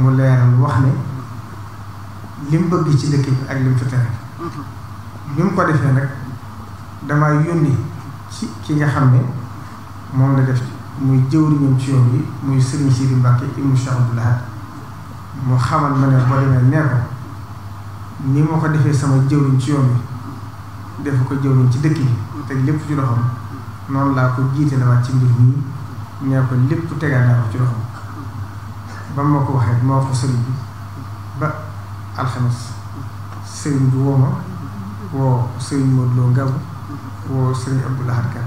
mu leeral wax ne li bëgg ci dëkk bi ak li mu fi tere mhm. bi mu ko defee nag damaa yónni ci ki nga xam ne moom la def muy jëwriñam ci yoon bi muy Serigne Sidi Mbacke ibnu Cheikh Abdou Lahad mu xamal ma ne boo demee nee ko ni ma ko defee sama jëwriñ ci yoon bi def ko jëwriñ ci dëkk bi teg lépp ci loxoom noonu laa ko jiite la waat ci mbir mi nee ko lépp tegaat naa ci loxoom ba ma ko waxee ma wax ko sëriñ bi ba alxames sëriñ bi woo ma woo sëriñ Modou Lo Ngabu woo sëriñ Abdou Lahad Ka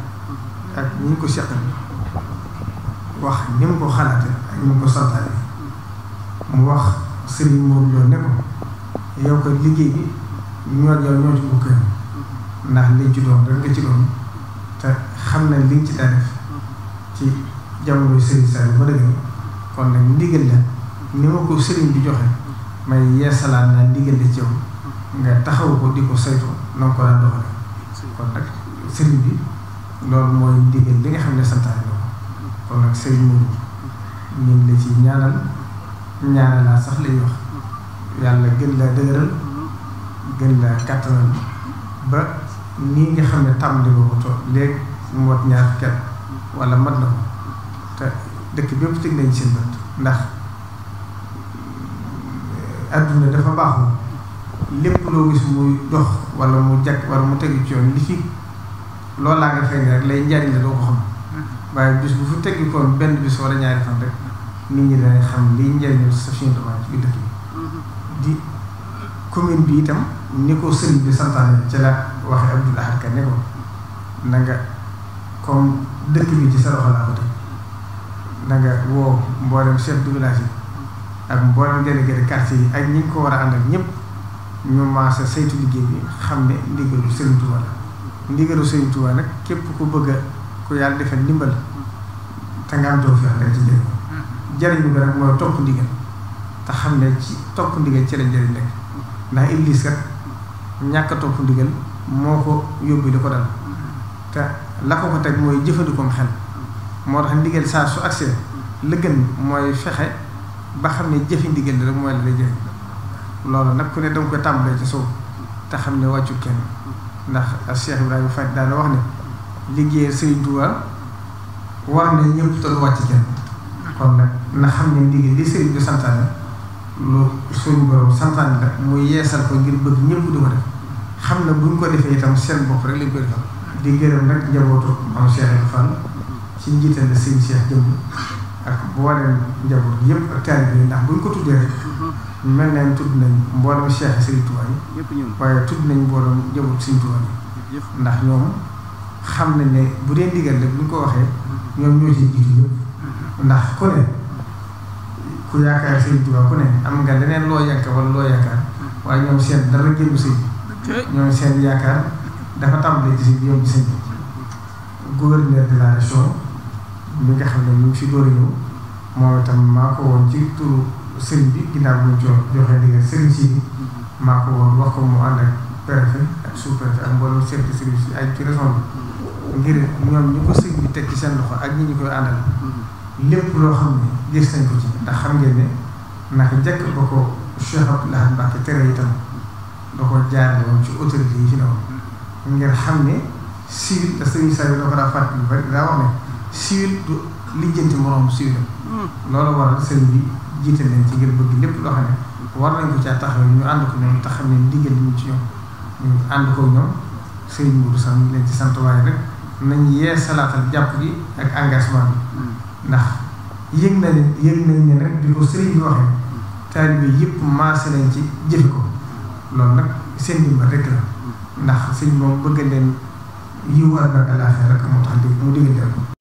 ak ñu ngi ko seqal wax ni mu ko xalaate ak ni mu ko santaane mu wax sëriñ Modou Lo ne yow ko liggéey bi ñoo yow ñoo ci bokk ndax liñ ci doon rek te xam na liñ ci daa ci jamono sëriñ Saliou ba dëgg kon nag ndigal la ni ma ko sëriñ bi joxe may yeesalaat naa ndigal ci yow nga taxaw ko di ko saytu na ko daan doxale kon nag sëriñ bi loolu mooy ndigal li nga xam ne santaane la ko kon nag sëriñ Mourou ñu ngi la ci ñaanal ñaanalaa sax lay wax yàlla gën la dëgëral gën la kàttanal ba nii nga xam ne tàmm di ko to léegi mot ñaar ket wala mat na ko dëkk bépp teg nañ seen bët ndax eh, adduna dafa baaxul lépp loo gis muy dox wala mu jag wala mu tegu ci yoon li fi loolu laa nga feeñ rek lay njariñ la doo ko xam waaye bis bu fu teggi koon benn bis wala ñaari fan rek nit ñi dañ xam liy njariñu Safinatou Touba ci dëkk bi commune bi itam ni ko sëriñ bi santaane ci la waxe Abdoul Ahad Ka ne ko comme dëkk bi ci sa loxo laa ko teg na nga woo mboolem chef de village yi ak mboolem délégué de quartier yi ak ñi nga ko war a ànd ak ñëpp ñu maase saytu liggéey bi xam ne ndigalu Serigne Touba la ndigalu Serigne nag képp ku bëgg ko yàlla defal ndimbal te nga am doo fi wax ci jëriñu jëriñu bi nag mooy topp ndigal te xam ne ci topp ndigal ci la jëriñ nekk ndax Iblis kat ñàkk topp ndigal moo ko yóbbu di ko dal te la ko ko teg mooy jëfandikoom xel. moo tax ndigal saa su agsee la gën mooy fexe ba xam ne jëfi ndigal rek mooy la lay jëriñ loolu nag ku ne danga koy tàmbalee ci sow te xam ne wàccu kenn ndax Cheikh Ibrahima Faye daana wax ne liggéey Sëriñ Tuubaa war na ñëpp te du wàcc kenn kon nag na xam ne ndigal li sëriñ bi santaane lu suñu borom santaane la muy yeesal ko ngir bëgg ñëpp di ko def xam na buñ ko defee itam seen bopp rek lañ koy defal di gërëm nag njabootu am Cheikh Ibrahima Fall ci njiital la sëñ Cheikh jëmm ak mboolem njaboot yëpp ak taalibe yi ndax buñ ko tuddee rek mm-hmm. mel nañ tudd nañ mboolem Cheikh Sëriñ Tuubaa yi waaye tudd nañ mboolem njaboot Sëriñ ndax ñoom xam nañ ne bu dee ndigal rek buñ ko waxee mm-hmm. ñoom ñoo ci jiitu yëpp mm-hmm. ndax ku ne ku yaakaar Sëriñ Tuubaa ku ne am nga leneen loo yaakaar wala loo yaakaar waaye ñoom seen dara génnu sëñ ñoom seen yaakaar dafa tàmbalee ci si yow ci sëñ gouverneur mi nga xam ne ñu ngi si door ñëw moom itam maa ko woon ci turu sëriñ bi ginnaaw bi ñu jox joxe ndigal sëriñ si maa ko wax ko mu ànd ak préfet ak sous-préfet ak mboolem chef de service yi ay ci ngir ñoom ñu ko sëriñ bi teg ak ñi ñu koy àndal lépp loo xam ne gis nañ ndax xam ngeen ne naka njëkk ko Cheikh Abdoul Ahad Mbacké da ko jaarale woon ci autorité yi ci ne woon sëriñ saa yi da ko daa fàttali bari daa wax ne siwil du lijjanti moroom siwilam hmm. loolu waral sëriñ bi jiite leen ci ngir bëgg lépp loo xam ne war nañ ko caa taxaw ñu ànd ko ñoom ne ndigal ñu ci ñoom ñu ànd ko ñoom sëriñ Mourou sax ñu leen ci sant waaye rek nañ yee salaatal jàpp gi ak engagement bi hmm. ndax yëg na leen yëg nañ leen rek di ko sëriñ bi waxee taalibe yëpp maase nañ ci jëfe ko loolu nag seen ma rek la hmm. ndax sëñ moom bëgg leen yiw ak àllaaxira rek moo tax mu digal ko